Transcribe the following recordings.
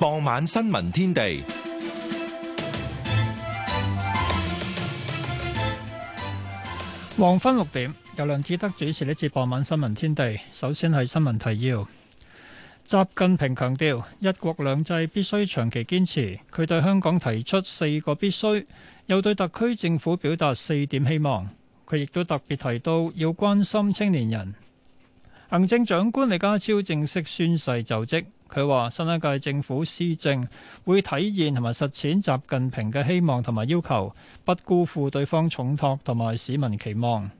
傍晚新聞天地，黃昏六點由梁志德主持。呢次傍晚新聞天地。首先係新聞提要，習近平強調，一國兩制必須長期堅持，佢對香港提出四個必須，又對特區政府表達四點希望。佢亦都特別提到要關心青年人。行政長官李家超正式宣誓就職。佢話：新一屆政府施政會體現同埋實踐習近平嘅希望同埋要求，不辜負對方重託同埋市民期望。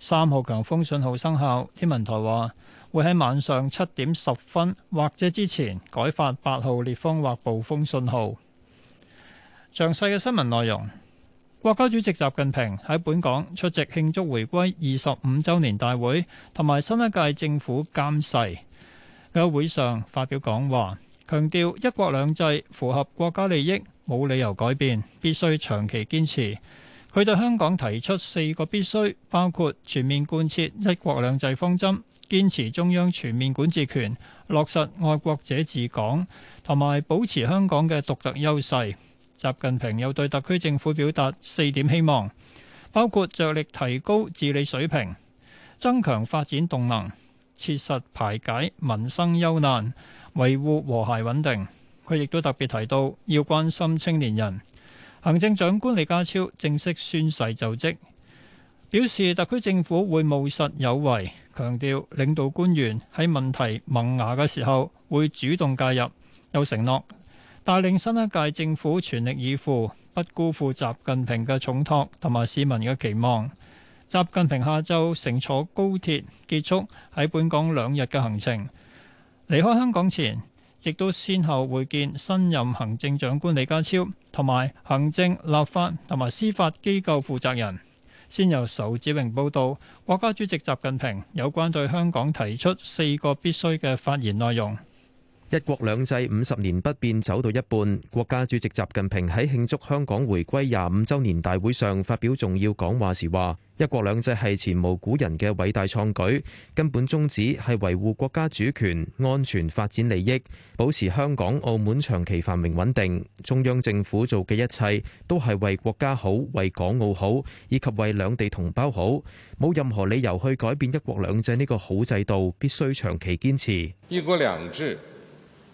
三號強風信號生效，天文台話會喺晚上七點十分或者之前改發八號烈風或暴風信號。詳細嘅新聞內容，國家主席習近平喺本港出席慶祝回歸二十五周年大會同埋新一屆政府監誓。喺會上發表講話，強調一國兩制符合國家利益，冇理由改變，必須長期堅持。佢對香港提出四個必須，包括全面貫徹一國兩制方針，堅持中央全面管治權，落實愛國者治港，同埋保持香港嘅獨特優勢。習近平又對特區政府表達四點希望，包括着力提高治理水平，增強發展動能。切實排解民生憂難，維護和諧穩定。佢亦都特別提到要關心青年人。行政長官李家超正式宣誓就職，表示特區政府會務實有為，強調領導官員喺問題萌芽嘅時候會主動介入，有承諾帶領新一屆政府全力以赴，不辜負習近平嘅重託同埋市民嘅期望。習近平下晝乘坐高鐵結束喺本港兩日嘅行程，離開香港前亦都先後會見新任行政長官李家超同埋行政、立法同埋司法機構負責人。先由仇志榮報道，國家主席習近平有關對香港提出四個必須嘅發言內容。一國兩制五十年不變走到一半，國家主席習近平喺慶祝香港回歸廿五周年大會上發表重要講話時話：一國兩制係前無古人嘅偉大創舉，根本宗旨係維護國家主權、安全、發展利益，保持香港、澳門長期繁榮穩定。中央政府做嘅一切都係為國家好、為港澳好，以及為兩地同胞好，冇任何理由去改變一國兩制呢個好制度，必須長期堅持。一國兩制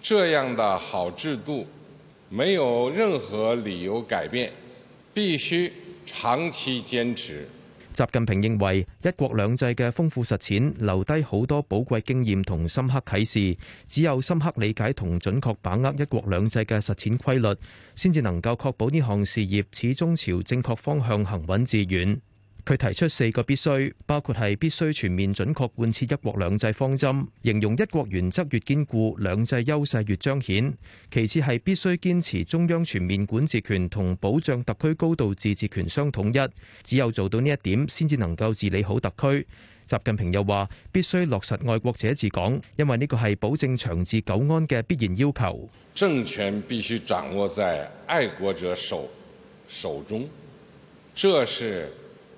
這樣的好制度，沒有任何理由改變，必須長期堅持。習近平認為，一國兩制嘅豐富實踐留低好多寶貴經驗同深刻啟示，只有深刻理解同準確把握一國兩制嘅實踐規律，先至能夠確保呢項事業始終朝正確方向行穩致遠。佢提出四個必須，包括係必須全面準確貫徹一國兩制方針，形容一國原則越堅固，兩制優勢越彰顯，其次係必須堅持中央全面管治權同保障特區高度自治權相統一，只有做到呢一點先至能夠治理好特區。習近平又話：必須落實愛國者治港，因為呢個係保證長治久安嘅必然要求。政權必須掌握在愛國者手手中，這是，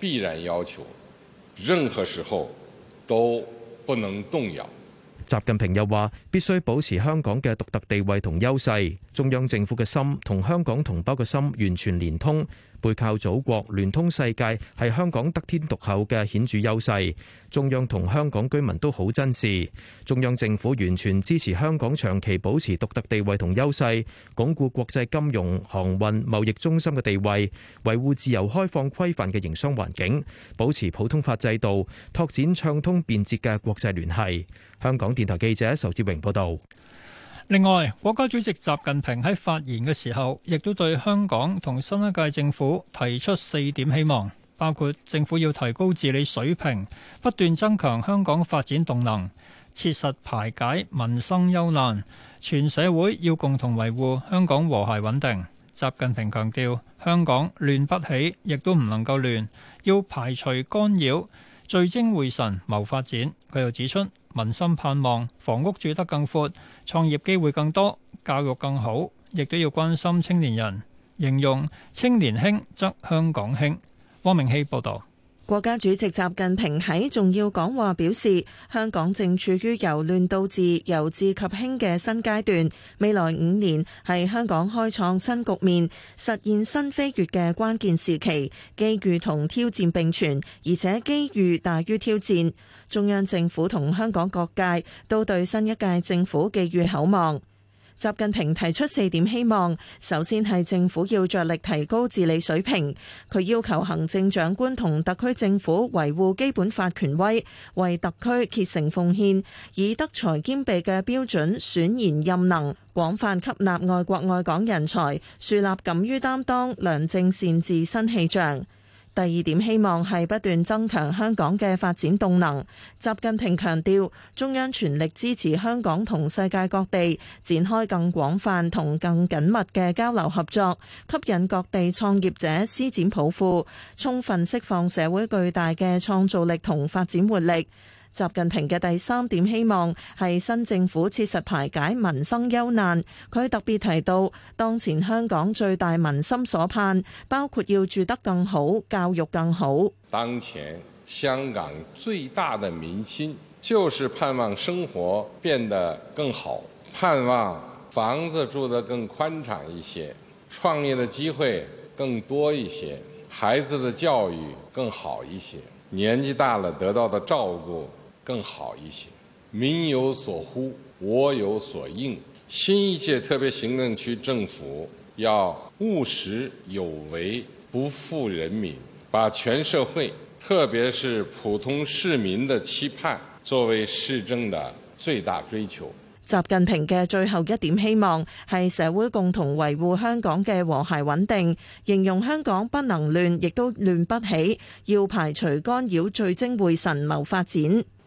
必然要求，任何時候都不能動搖。習近平又話：必須保持香港嘅獨特地位同優勢，中央政府嘅心同香港同胞嘅心完全連通。背靠祖國聯通世界係香港得天獨厚嘅顯著優勢，中央同香港居民都好珍視，中央政府完全支持香港長期保持獨特地位同優勢，鞏固國際金融、航運、貿易中心嘅地位，維護自由開放規範嘅營商環境，保持普通法制度，拓展暢通便捷嘅國際聯繫，香港電台記者仇志榮報道。另外，國家主席習近平喺發言嘅時候，亦都對香港同新一屆政府提出四點希望，包括政府要提高治理水平，不斷增強香港發展動能，切實排解民生憂難，全社會要共同維護香港和諧穩定。習近平強調，香港亂不起，亦都唔能夠亂，要排除干擾，聚精會神謀發展。佢又指出，民心盼望房屋住得更闊，創業機會更多、教育更好，亦都要關心青年人。形容青年興則香港興。汪明熙報道。國家主席習近平喺重要講話表示，香港正處於由亂到治、由治及興嘅新階段。未來五年係香港開創新局面、實現新飛躍嘅關鍵時期，機遇同挑戰並存，而且機遇大於挑戰。中央政府同香港各界都對新一屆政府寄予厚望。習近平提出四點希望，首先係政府要着力提高治理水平。佢要求行政長官同特區政府維護基本法權威，為特區竭誠奉獻，以德才兼備嘅標準選賢任能，廣泛吸納愛國愛港人才，樹立敢於擔當、良政善治新氣象。第二點希望係不斷增強香港嘅發展動能。習近平強調，中央全力支持香港同世界各地展開更廣泛同更緊密嘅交流合作，吸引各地創業者施展抱負，充分釋放社會巨大嘅創造力同發展活力。習近平嘅第三點希望係新政府切實排解民生憂難。佢特別提到，當前香港最大民心所盼，包括要住得更好、教育更好。當前香港最大的民心就是盼望生活變得更好，盼望房子住得更寬敞一些，創業嘅機會更多一些，孩子的教育更好一些，年紀大了得到的照顧更好一些，民有所呼，我有所應。新一屆特別行政區政府要務實有為，不負人民，把全社會，特別是普通市民的期盼作為施政的最大追求。習近平嘅最後一點希望係社會共同維護香港嘅和諧穩定，形容香港不能亂，亦都亂不起，要排除干擾，聚精會神謀發展。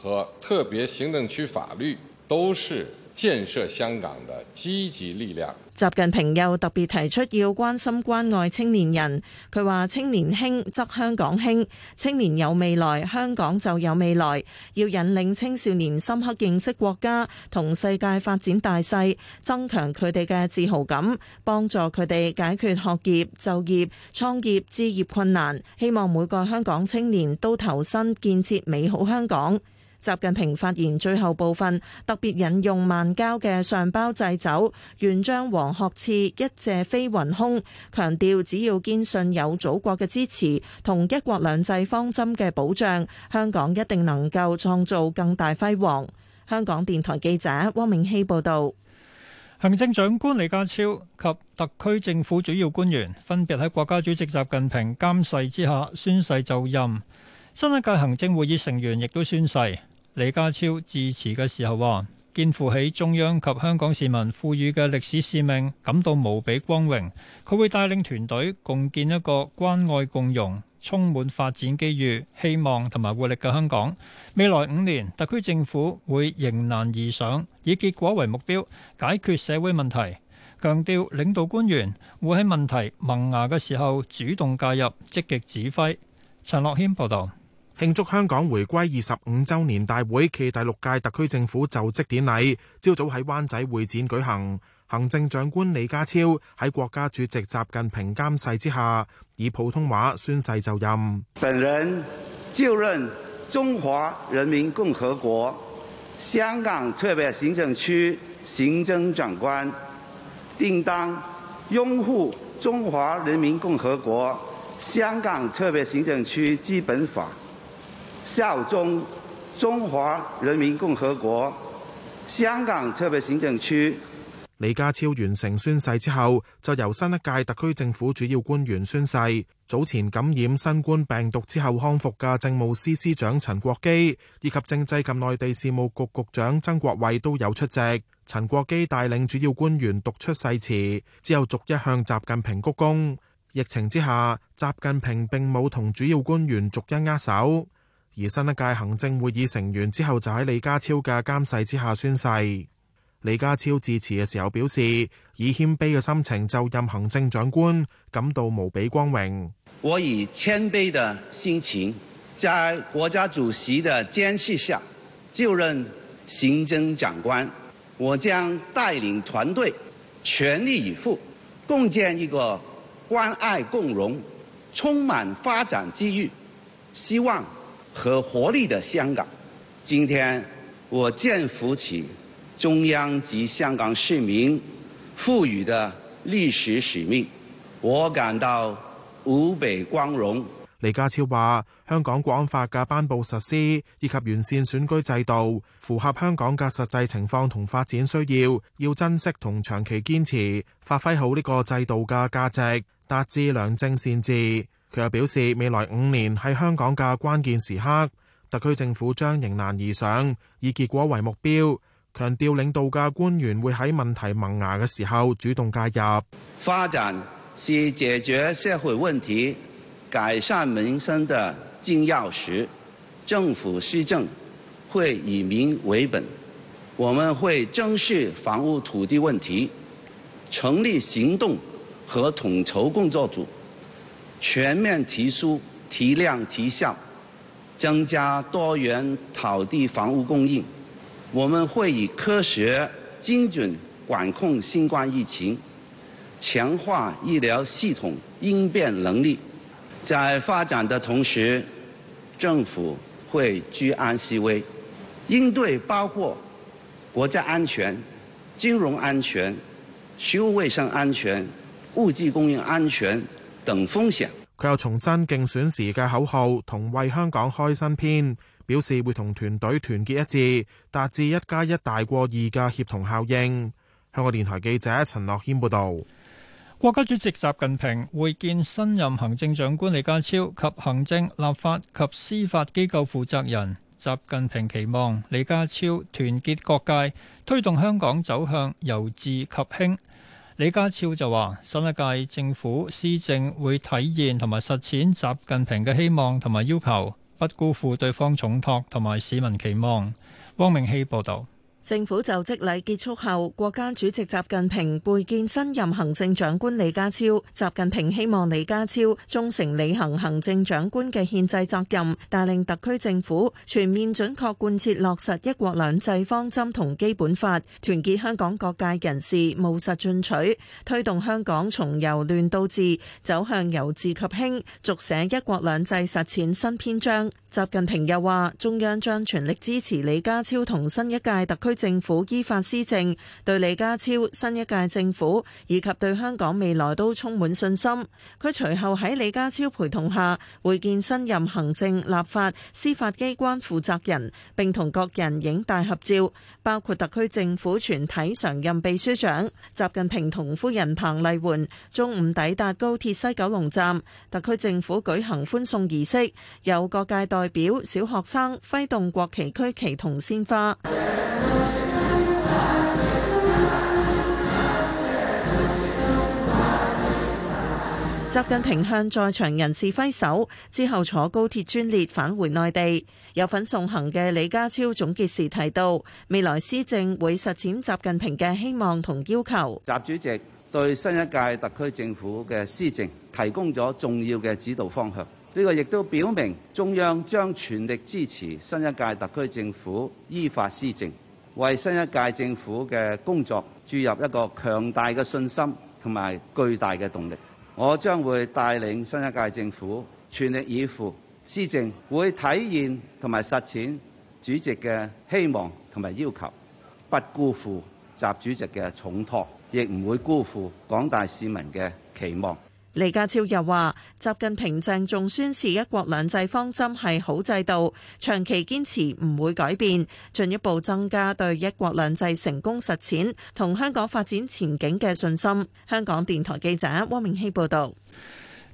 和特別行政區法律都是建設香港的積極力量。習近平又特別提出要關心關愛青年人，佢話：青年興則香港興，青年有未來，香港就有未來。要引領青少年深刻認識國家同世界發展大勢，增強佢哋嘅自豪感，幫助佢哋解決學業、就業、創業、置業困難。希望每個香港青年都投身建設美好香港。習近平發言最後部分，特別引用萬交嘅上包祭酒，願將黃鶴翅一借飛雲空，強調只要堅信有祖國嘅支持，同一國兩制方針嘅保障，香港一定能夠創造更大輝煌。香港電台記者汪明希報導。行政長官李家超及特區政府主要官員分別喺國家主席習近平監誓之下宣誓就任，新一屆行政會議成員亦都宣誓。李家超致辭嘅時候話，肩負起中央及香港市民賦予嘅歷史使命，感到無比光榮。佢會帶領團隊共建一個關愛共融、充滿發展機遇、希望同埋活力嘅香港。未來五年，特區政府會迎難而上，以結果為目標，解決社會問題。強調領導官員會喺問題萌芽嘅時候主動介入，積極指揮。陳樂軒報導。慶祝香港回歸二十五周年大會暨第六屆特區政府就職典禮，朝早喺灣仔會展舉行。行政長官李家超喺國家主席習近平監誓之下，以普通話宣誓就任。本人就任中華人民共和國香港特別行政區行政長官，定當擁護中華人民共和國香港特別行政區基本法，效忠中華人民共和國香港特別行政區。李家超完成宣誓之後，就由新一屆特區政府主要官員宣誓。早前感染新冠病毒之後康復嘅政務司司長陳國基，以及政制及內地事務局局長曾國衛都有出席。陳國基帶領主要官員讀出誓詞之後，逐一向習近平鞠躬。疫情之下，習近平並冇同主要官員逐一握手。而新一屆行政會議成員之後就喺李家超嘅監誓之下宣誓。李家超致辭嘅時候表示，以謙卑嘅心情就任行政長官，感到無比光榮。我以謙卑的心情，在國家主席的監視下就任行政長官，我將帶領團隊全力以赴，共建一個關愛共融、充滿發展機遇。希望。和活力的香港，今天我肩負起中央及香港市民賦予的歷史使命，我感到無比光榮。李家超話：香港國安法嘅頒布實施以及完善選舉制度，符合香港嘅實際情況同發展需要，要珍惜同長期堅持，發揮好呢個制度嘅價值，達至良政善治。佢又表示，未來五年係香港嘅關鍵時刻，特區政府將迎難而上，以結果為目標，強調領導嘅官員會喺問題萌芽嘅時候主動介入。發展是解決社會問題、改善民生的金鑰匙，政府施政會以民為本，我們會正視房屋土地問題，成立行動和統籌工作組。全面提速、提量、提效，增加多元土地房屋供應。我們會以科學精準管控新冠疫情，強化醫療系統應變能力。在發展的同時，政府會居安思危，應對包括國家安全、金融安全、食物衛生安全、物資供應安全，等風險，佢又重申競選時嘅口號同為香港開新篇，表示會同團隊團結一致，達至一加一大過二嘅協同效應。香港電台記者陳樂軒報導。國家主席習近平會見新任行政長官李家超及行政、立法及司法機構負責人，習近平期望李家超團結各界，推動香港走向由治及興。李家超就話：新一屆政府施政會體現同埋實踐習近平嘅希望同埋要求，不辜負對方重託同埋市民期望。汪明希報導。政府就職禮結束後，國家主席習近平會見新任行政長官李家超。習近平希望李家超忠誠履行行政長官嘅憲制責任，帶領特區政府全面準確貫徹落實一國兩制方針同基本法，團結香港各界人士務實進取，推動香港從由亂到治走向由治及興，續寫一國兩制實踐新篇章。習近平又話，中央將全力支持李家超同新一屆特區。政府依法施政，對李家超、新一屆政府以及對香港未來都充滿信心。佢隨後喺李家超陪同下會見新任行政、立法、司法機關負責人，並同各人影大合照，包括特區政府全體常任秘書長習近平同夫人彭麗媛。中午抵達高鐵西九龍站，特區政府舉行歡送儀式，有各界代表、小學生揮動國旗、區旗同鮮花。習近平向在場人士揮手之後，坐高鐵專列返回內地。有份送行嘅李家超總結時提到，未來施政會實踐習近平嘅希望同要求。習主席對新一屆特區政府嘅施政提供咗重要嘅指導方向，呢個亦都表明中央將全力支持新一屆特區政府依法施政，為新一屆政府嘅工作注入一個強大嘅信心同埋巨大嘅動力。我將會帶領新一屆政府全力以赴施政，會體現同埋實踐主席嘅希望同埋要求，不辜負習主席嘅重託，亦唔會辜負廣大市民嘅期望。李家超又話：習近平鄭重宣示一國兩制方針係好制度，長期堅持，唔會改變，進一步增加對一國兩制成功實踐同香港發展前景嘅信心。香港電台記者汪明熙報導。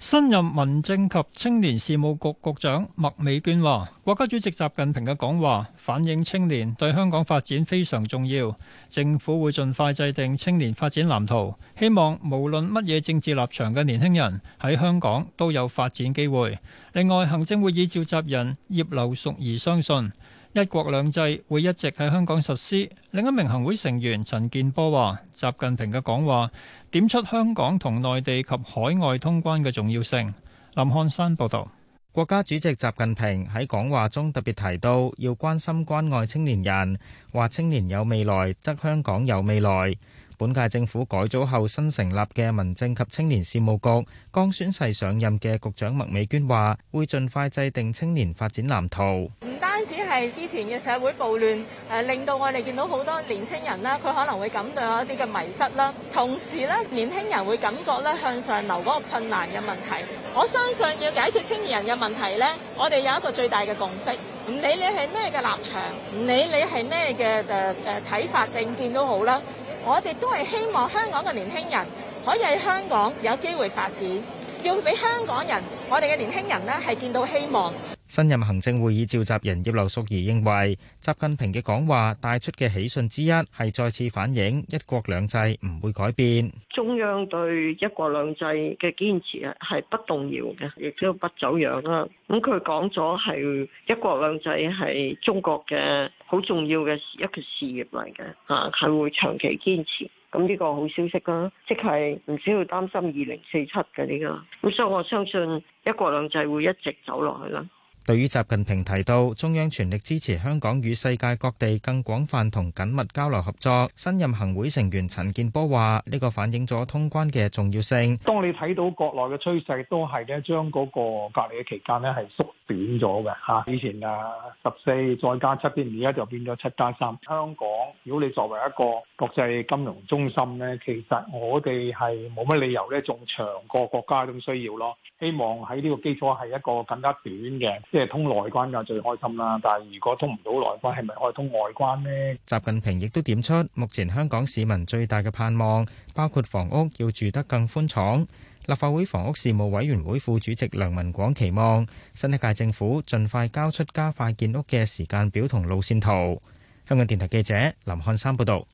新任民政及青年事務局局長麥美娟話，國家主席習近平嘅講話反映青年對香港發展非常重要，政府會盡快制定青年發展藍圖，希望無論乜嘢政治立場嘅年輕人喺香港都有發展機會。另外，行政會議召集人葉劉淑儀相信。一國兩制會一直喺香港實施。另一名行會成員陳建波話，習近平嘅講話點出香港同內地及海外通關嘅重要性。林漢山報導，國家主席習近平喺講話中特別提到要關心關愛青年人，話青年有未來，則香港有未來。本屆政府改組後新成立嘅民政及青年事務局，剛宣誓上任嘅局長麥美娟話，會盡快制定青年發展藍圖。唔單止。係之前嘅社會暴亂，誒令到我哋見到好多年輕人啦，佢可能會感到有一啲嘅迷失啦。同時咧，年輕人會感覺咧向上流嗰個困難嘅問題。我相信要解決青年人嘅問題咧，我哋有一個最大嘅共識，唔理你係咩嘅立場，唔理你係咩嘅誒誒睇法政見都好啦，我哋都係希望香港嘅年輕人可以喺香港有機會發展，要俾香港人，我哋嘅年輕人咧係見到希望。新任行政會議召集人葉劉淑儀認為，習近平嘅講話帶出嘅喜訊之一係再次反映一國兩制唔會改變。中央對一國兩制嘅堅持係不動搖嘅，亦都不走樣啦。咁佢講咗係一國兩制係中國嘅好重要嘅一個事業嚟嘅啊，係會長期堅持。咁呢個好消息啦，即係唔需要擔心二零四七嘅呢個。咁所以我相信一國兩制會一直走落去啦。對於習近平提到中央全力支持香港與世界各地更廣泛同緊密交流合作，新任行會成員陳建波話：呢個反映咗通關嘅重要性。當你睇到國內嘅趨勢，都係咧將嗰個隔離嘅期間咧係縮。短咗嘅吓，以前啊十四再加七添，而家就變咗七加三。香港如果你作為一個國際金融中心呢，其實我哋係冇乜理由咧，仲長過國家咁需要咯。希望喺呢個基礎係一個更加短嘅，即係通內關就最開心啦。但係如果通唔到內關，係咪可以通外關呢？習近平亦都點出，目前香港市民最大嘅盼望，包括房屋要住得更寬敞。立法會房屋事務委員會副主席梁文廣期望新一屆政府盡快交出加快建屋嘅時間表同路線圖。香港電台記者林漢山報導。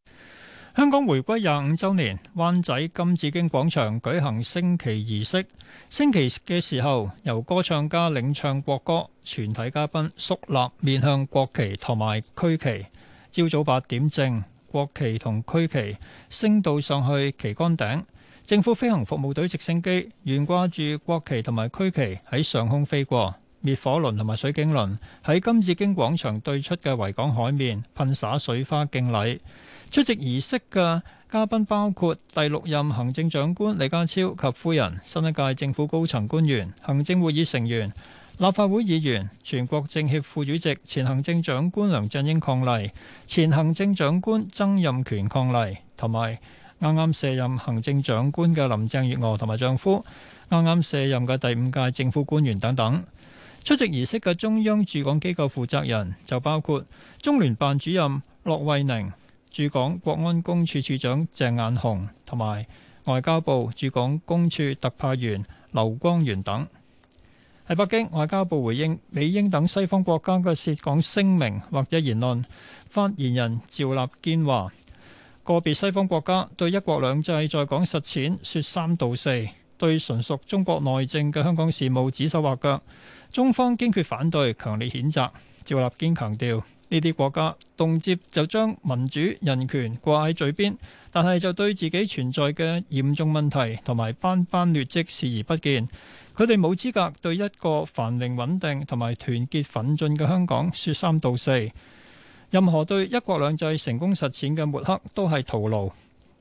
香港回歸廿五週年，灣仔金紫荊廣場舉行升旗儀式。升旗嘅時候，由歌唱家領唱國歌，全體嘉賓肅立面向國旗同埋區旗。朝早八點正，國旗同區旗升到上去旗杆頂。政府飛行服務隊直升機懸掛住國旗同埋區旗喺上空飛過，滅火輪同埋水警輪喺金紫荊廣場對出嘅維港海面噴灑水花敬禮。出席儀式嘅嘉賓包括第六任行政長官李家超及夫人，新一屆政府高層官員、行政會議成員、立法會議員、全國政協副主席、前行政長官梁振英伉儷、前行政長官曾蔭權伉儷同埋，啱啱卸任行政長官嘅林鄭月娥同埋丈夫，啱啱卸任嘅第五屆政府官員等等，出席儀式嘅中央駐港機構負責人就包括中聯辦主任駱惠寧、駐港國安公署署長鄭雁雄同埋外交部駐港公署特派員劉光源等。喺北京外交部回應美英等西方國家嘅涉港聲明或者言論，發言人趙立堅話。個別西方國家對一國兩制在港實踐，説三道四，對純屬中國內政嘅香港事務指手畫腳，中方堅決反對，強烈譴責。趙立堅強調，呢啲國家動輒就將民主、人權掛喺嘴邊，但係就對自己存在嘅嚴重問題同埋斑斑劣跡視而不見，佢哋冇資格對一個繁榮穩定同埋團結奮進嘅香港説三道四。任何對一國兩制成功實踐嘅抹黑都係徒勞，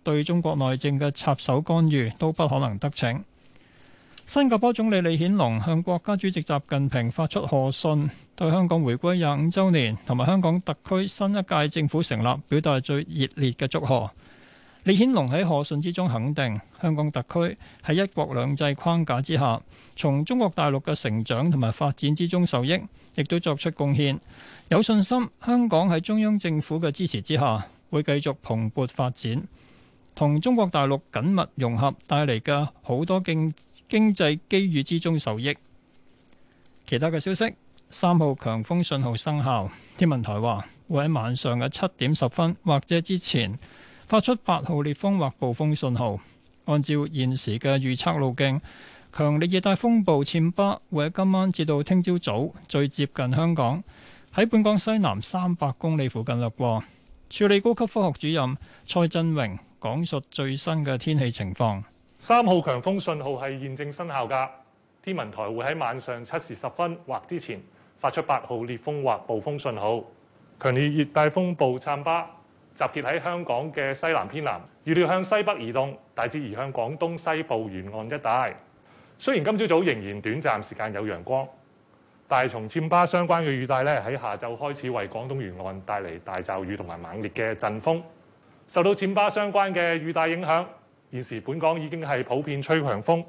對中國內政嘅插手干預都不可能得逞。新加坡總理李顯龍向國家主席習近平發出賀信，對香港回歸廿五週年同埋香港特區新一屆政府成立表達最熱烈嘅祝賀。李顯龍喺賀信之中肯定香港特區喺一國兩制框架之下，從中國大陸嘅成長同埋發展之中受益，亦都作出貢獻。有信心香港喺中央政府嘅支持之下，會繼續蓬勃發展，同中國大陸緊密融合，帶嚟嘅好多經經濟機遇之中受益。其他嘅消息，三號強風信號生效，天文台話會喺晚上嘅七點十分或者之前。發出八號烈風或暴風信號。按照現時嘅預測路徑，強烈熱帶風暴暹芭會喺今晚至到聽朝早,早最接近香港，喺本港西南三百公里附近掠過。署理高級科學主任蔡振榮講述最新嘅天氣情況。三號強風信號係現正生效噶，天文台會喺晚上七時十分或之前發出八號烈風或暴風信號。強烈熱帶風暴暹芭。集結喺香港嘅西南偏南，預料向西北移動，大致移向廣東西部沿岸一帶。雖然今朝早早仍然短暫時間有陽光，但係從暹巴相關嘅雨帶呢，喺下晝開始為廣東沿岸帶嚟大驟雨同埋猛烈嘅陣風。受到暹巴相關嘅雨帶影響，現時本港已經係普遍吹強風，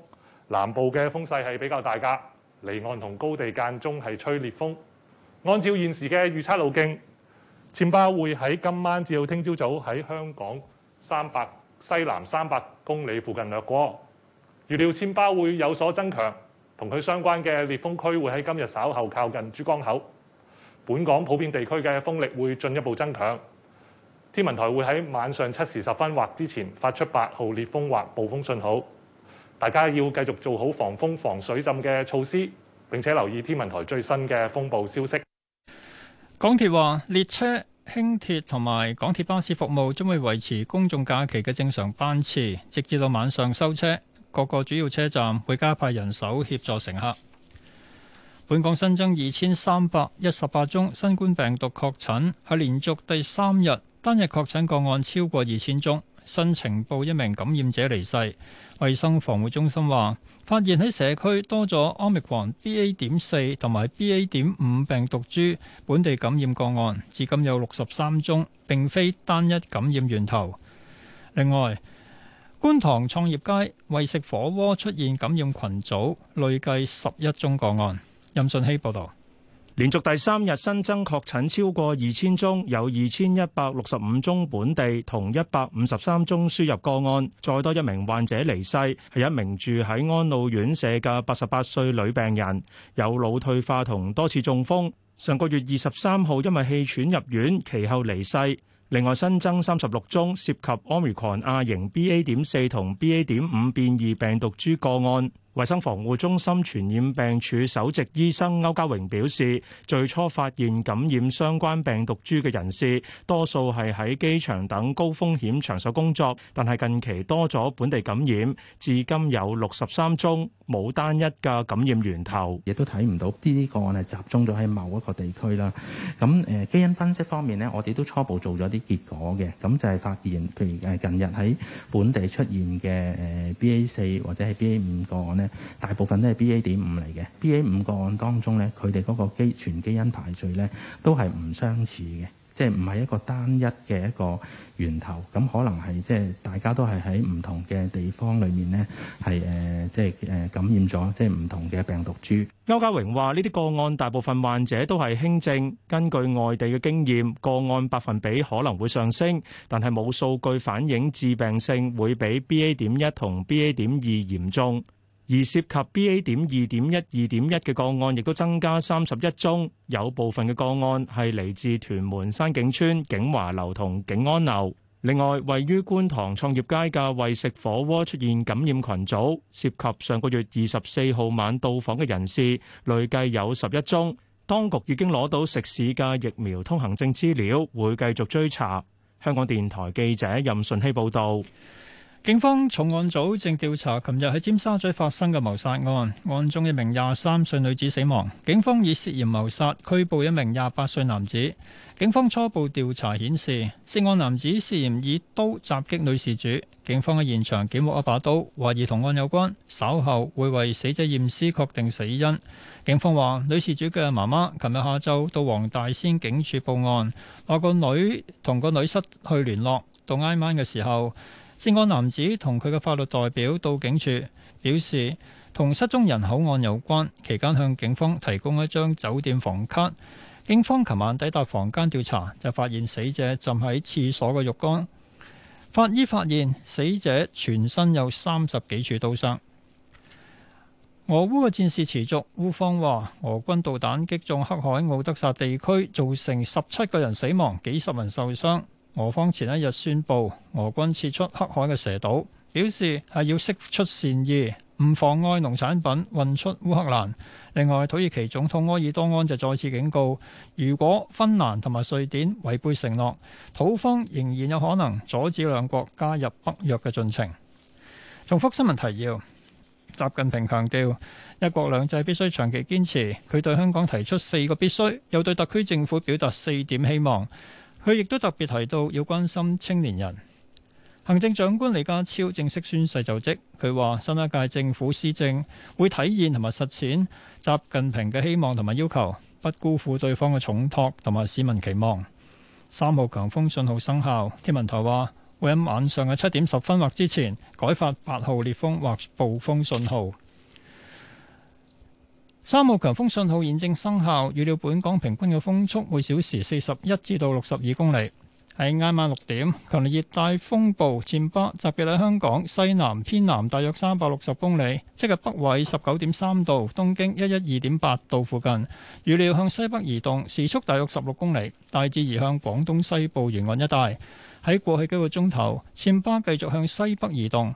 南部嘅風勢係比較大㗎，離岸同高地間中係吹烈風。按照現時嘅預測路徑，千巴會喺今晚至到聽朝早喺香港三百西南三百公里附近掠過，預料千巴會有所增強，同佢相關嘅烈風區會喺今日稍後靠近珠江口，本港普遍地區嘅風力會進一步增強。天文台會喺晚上七時十分或之前發出八號烈風或暴風信號，大家要繼續做好防風防水浸嘅措施，並且留意天文台最新嘅風暴消息。港鐵話：列車、輕鐵同埋港鐵巴士服務將會維持公眾假期嘅正常班次，直至到晚上收車。各個主要車站會加派人手協助乘客。本港新增二千三百一十八宗新冠病毒確診，係連續第三日單日確診個案超過二千宗。新情報一名感染者離世。衛生防護中心話：發現喺社區多咗 Omicron BA.4 同埋 BA.5 病毒株本地感染個案，至今有六十三宗，並非單一感染源頭。另外，觀塘創業街為食火鍋出現感染群組，累計十一宗個案。任信希報導。連續第三日新增確診超過二千宗，有二千一百六十五宗本地同一百五十三宗輸入個案，再多一名患者離世，係一名住喺安老院舍嘅八十八歲女病人，有腦退化同多次中風，上個月二十三號因為氣喘入院，其後離世。另外新增三十六宗涉及 Omicron 亞型 BA. 點四同 BA. 點五變異病毒株個案。衛生防護中心傳染病處首席醫生歐家榮表示，最初發現感染相關病毒株嘅人士，多數係喺機場等高風險場所工作，但係近期多咗本地感染，至今有六十三宗，冇單一嘅感染源頭，亦都睇唔到呢啲個案係集中咗喺某一個地區啦。咁誒，基因分析方面咧，我哋都初步做咗啲結果嘅，咁就係發現，譬如誒近日喺本地出現嘅誒 B A 四或者係 B A 五個案。大部分都係 B A. 點五嚟嘅 B A. 五個案當中呢，佢哋嗰個基全基因排序呢都係唔相似嘅，即係唔係一個單一嘅一個源頭咁，可能係即係大家都係喺唔同嘅地方裏面呢係誒，即係誒感染咗即係唔同嘅病毒株。歐家榮話：呢啲個案大部分患者都係輕症，根據外地嘅經驗，個案百分比可能會上升，但係冇數據反映致病性會比 B A. 點一同 B A. 點二嚴重。而涉及 BA 點二點一二點一嘅個案亦都增加三十一宗，有部分嘅個案係嚟自屯門山景村景華樓同景安樓。另外，位於觀塘創業街嘅為食火鍋出現感染群組，涉及上個月二十四號晚到訪嘅人士，累計有十一宗。當局已經攞到食肆嘅疫苗通行證資料，會繼續追查。香港電台記者任順希報導。警方重案組正調查，琴日喺尖沙咀發生嘅謀殺案，案中一名廿三歲女子死亡。警方以涉嫌謀殺拘捕一名廿八歲男子。警方初步調查顯示，涉案男子涉嫌以刀襲擊女事主。警方喺現場檢獲一把刀，懷疑同案有關。稍後會為死者驗屍，確定死因。警方話，女事主嘅媽媽琴日下晝到黃大仙警署報案，話個女同個女失去聯絡，到挨晚嘅時候。涉案男子同佢嘅法律代表到警署，表示同失蹤人口案有關，期間向警方提供一張酒店房卡。警方琴晚抵達房間調查，就發現死者浸喺廁所嘅浴缸。法醫發現死者全身有三十幾處刀傷。俄烏嘅戰事持續，烏方話俄軍導彈擊中黑海奧德薩地區，造成十七個人死亡，幾十人受傷。俄方前一日宣布，俄軍撤出黑海嘅蛇島，表示係要釋出善意，唔妨礙農產品運出烏克蘭。另外，土耳其總統埃爾多安就再次警告，如果芬蘭同埋瑞典違背承諾，土方仍然有可能阻止兩國加入北約嘅進程。重複新聞提要：習近平強調，一國兩制必須長期堅持。佢對香港提出四個必須，又對特區政府表達四點希望。佢亦都特別提到要關心青年人。行政長官李家超正式宣誓就職，佢話新一屆政府施政會體現同埋實踐習近平嘅希望同埋要求，不辜負對方嘅重託同埋市民期望。三號強風信號生效，天文台話會喺晚上嘅七點十分或之前改發八號烈風或暴風信號。三號強風信號現正生效，預料本港平均嘅風速每小時四十一至到六十二公里。喺晏晚六點，強烈熱帶風暴暹芭集結喺香港西南偏南大約三百六十公里，即係北緯十九點三度，東經一一二點八度附近。預料向西北移動，時速大約十六公里，大致移向廣東西部沿岸一帶。喺過去幾個鐘頭，暹芭繼續向西北移動。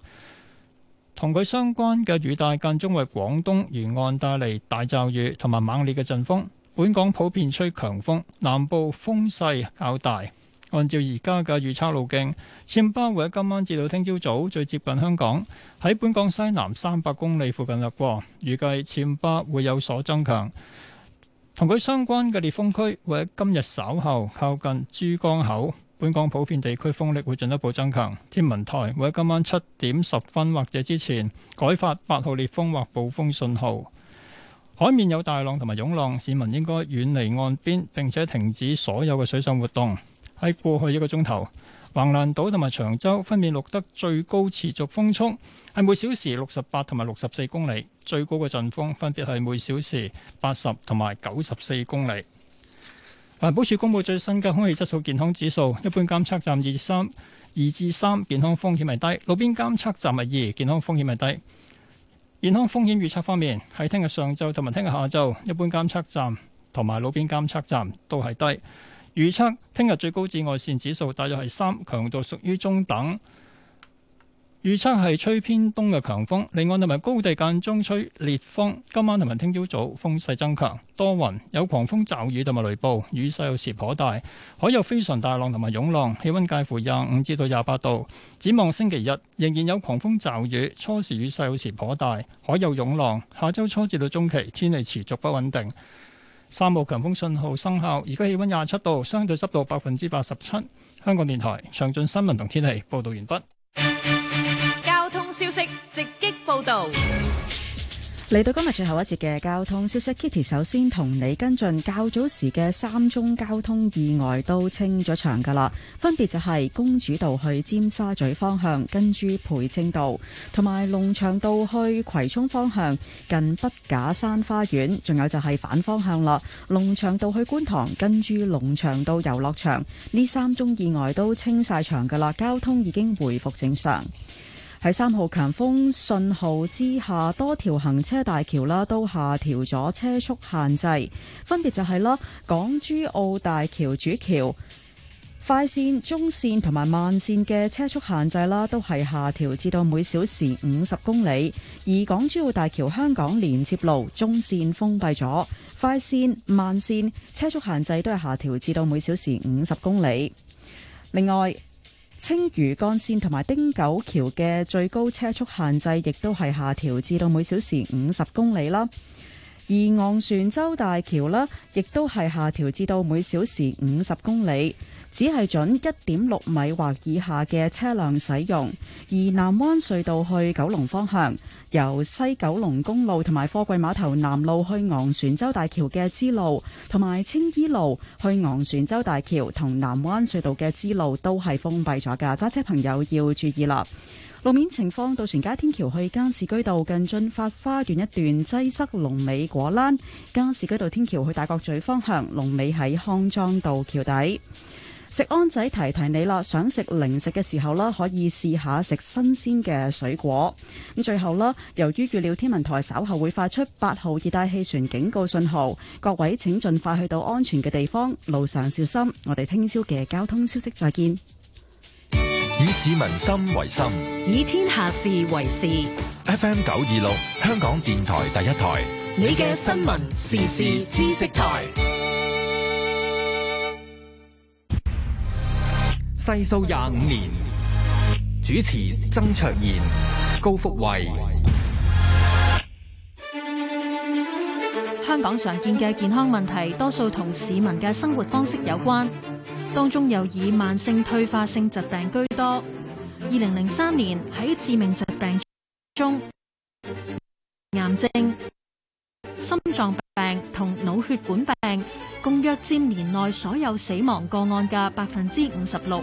同佢相關嘅雨帶間中為廣東沿岸帶嚟大驟雨同埋猛烈嘅陣風，本港普遍吹強風，南部風勢較大。按照而家嘅預測路徑，暹芭會喺今晚至到聽朝早早最接近香港，喺本港西南三百公里附近掠過，預計暹芭會有所增強。同佢相關嘅烈風區會喺今日稍後靠近珠江口。本港普遍地區風力會進一步增強，天文台會喺今晚七點十分或者之前改發八號烈風或暴風信號。海面有大浪同埋湧浪，市民應該遠離岸邊並且停止所有嘅水上活動。喺過去一個鐘頭，橫瀾島同埋長洲分別錄得最高持續風速係每小時六十八同埋六十四公里，最高嘅陣風分別係每小時八十同埋九十四公里。環保署公布最新嘅空氣質素健康指數，一般監測站二至三，二至三，健康風險係低；路邊監測站係二，健康風險係低。健康風險預測方面，喺聽日上晝同埋聽日下晝，一般監測站同埋路邊監測站都係低。預測聽日最高紫外線指數大約係三，強度屬於中等。預測係吹偏東嘅強風，另外同埋高地間中吹烈風。今晚同埋聽朝早,早風勢增強，多雲，有狂風驟雨同埋雷暴，雨勢有時頗大，海有非常大浪同埋湧浪。氣温介乎廿五至到廿八度。展望星期日仍然有狂風驟雨，初時雨勢有時頗大，海有湧浪。下周初至到中期天氣持續不穩定，三號強風信號生效。而家氣温廿七度，相對濕度百分之八十七。香港電台詳盡新聞同天氣報道完畢。消息直擊報道，嚟到今日最後一節嘅交通消息。Kitty 首先同你跟進較早時嘅三宗交通意外都清咗場噶啦，分別就係公主道去尖沙咀方向，跟住培青道同埋龍翔道去葵涌方向近北架山花園，仲有就係反方向啦，龍翔道去觀塘跟住龍翔道遊樂場，呢三宗意外都清晒場噶啦，交通已經回復正常。喺三號強風信號之下，多條行車大橋啦都下調咗車速限制，分別就係啦，港珠澳大橋主橋快線、中線同埋慢線嘅車速限制啦，都係下調至到每小時五十公里。而港珠澳大橋香港連接路中線封閉咗，快線、慢線車速限制都係下調至到每小時五十公里。另外，青嶼幹線同埋汀九橋嘅最高車速限制，亦都係下調至到每小時五十公里啦。而昂船洲大橋呢，亦都係下調至到每小時五十公里，只係准一點六米或以下嘅車輛使用。而南灣隧道去九龍方向，由西九龍公路同埋貨櫃碼頭南路去昂船洲大橋嘅支路，同埋青衣路去昂船洲大橋同南灣隧道嘅支路都係封閉咗噶，揸車朋友要注意啦。路面情況：渡船街天橋去加士居道近駿發花園一段擠塞，龍尾果欄；加士居道天橋去大角咀方向，龍尾喺康莊道橋底。食安仔提提你啦，想食零食嘅時候啦，可以試下食新鮮嘅水果。咁最後啦，由於預料天文台稍後會發出八號熱帶氣旋警告信號，各位請盡快去到安全嘅地方，路上小心。我哋聽朝嘅交通消息再見。以市民心為心，以天下事為事。FM 九二六，香港電台第一台。你嘅新聞時事知識台，細數廿五年。主持：曾卓然、高福慧。香港常見嘅健康問題，多數同市民嘅生活方式有關。當中又以慢性退化性疾病居多。二零零三年喺致命疾病中，癌症、心臟病同腦血管病共約占年內所有死亡個案嘅百分之五十六。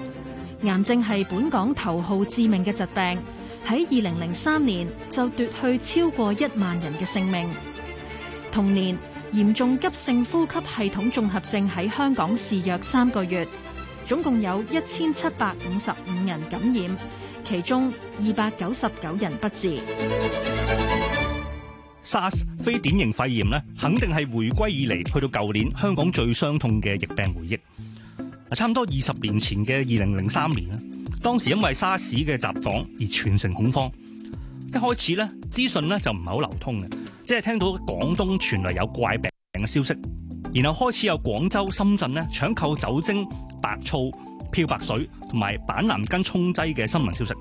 癌症係本港頭號致命嘅疾病，喺二零零三年就奪去超過一萬人嘅性命。同年。嚴重急性呼吸系統綜合症喺香港肆虐三個月，總共有一千七百五十五人感染，其中二百九十九人不治。SARS 非典型肺炎咧，肯定係回歸以嚟去到舊年香港最傷痛嘅疫病回憶。差唔多二十年前嘅二零零三年啦，當時因為 SARS 嘅集訪而全城恐慌，一開始咧資訊咧就唔係好流通嘅。即係聽到廣東傳來有怪病嘅消息，然後開始有廣州、深圳咧搶購酒精、白醋、漂白水同埋板藍根沖劑嘅新聞消息。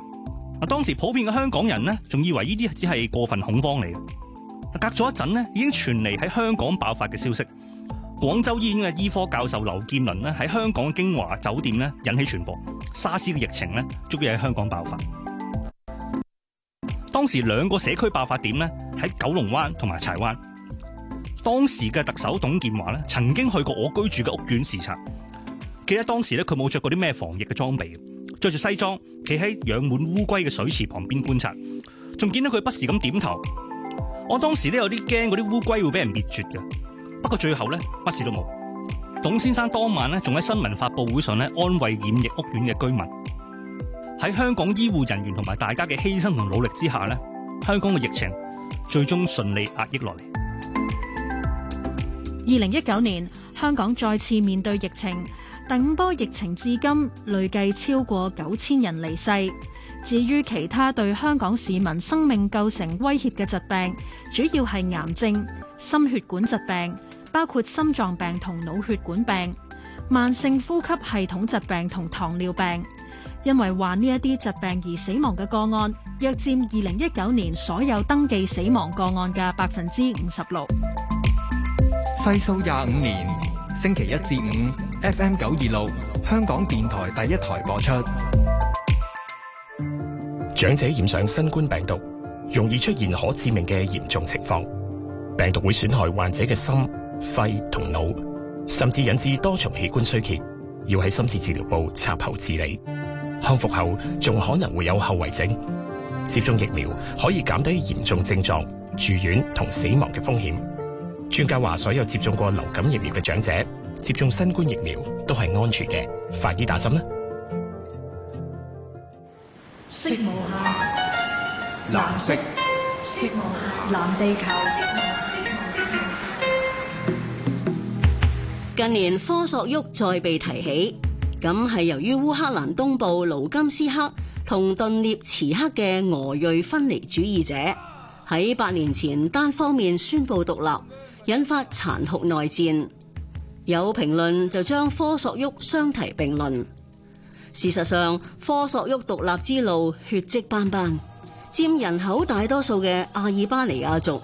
當時普遍嘅香港人咧，仲以為呢啲只係過分恐慌嚟。隔咗一陣咧已經傳嚟喺香港爆發嘅消息。廣州醫院嘅醫科教授劉劍倫咧喺香港京華酒店引起傳播，沙士嘅疫情咧逐日喺香港爆發。當時兩個社區爆發點呢，喺九龍灣同埋柴灣。當時嘅特首董建華呢，曾經去過我居住嘅屋苑視察。記得當時咧，佢冇着過啲咩防疫嘅裝備，着住西裝企喺養滿烏龜嘅水池旁邊觀察，仲見到佢不時咁點頭。我當時都有啲驚嗰啲烏龜會俾人滅絕嘅。不過最後呢，乜事都冇。董先生當晚呢，仲喺新聞發佈會上咧，安慰染疫屋苑嘅居民。喺香港醫護人員同埋大家嘅犧牲同努力之下呢，香港嘅疫情最終順利壓抑落嚟。二零一九年，香港再次面對疫情，第五波疫情，至今累計超過九千人離世。至於其他對香港市民生命構成威脅嘅疾病，主要係癌症、心血管疾病，包括心臟病同腦血管病、慢性呼吸系統疾病同糖尿病。因為患呢一啲疾病而死亡嘅個案，約佔二零一九年所有登記死亡個案嘅百分之五十六。細數廿五年，星期一至五，FM 九二六，香港電台第一台播出。長者染上新冠病毒，容易出現可致命嘅嚴重情況。病毒會損害患者嘅心、肺同腦，甚至引致多重器官衰竭，要喺深切治療部插喉治理。康復後仲可能會有後遺症，接種疫苗可以減低嚴重症狀、住院同死亡嘅風險。專家話，所有接種過流感疫苗嘅長者接種新冠疫苗都係安全嘅。快啲打針啦！色藍色，色藍地球。近年科索沃再被提起。咁係由於烏克蘭東部盧甘斯克同頓涅茨克嘅俄裔分離主義者喺八年前單方面宣布獨立，引發殘酷內戰。有評論就將科索沃相提並論。事實上，科索沃獨立之路血跡斑斑，佔人口大多數嘅阿爾巴尼亞族。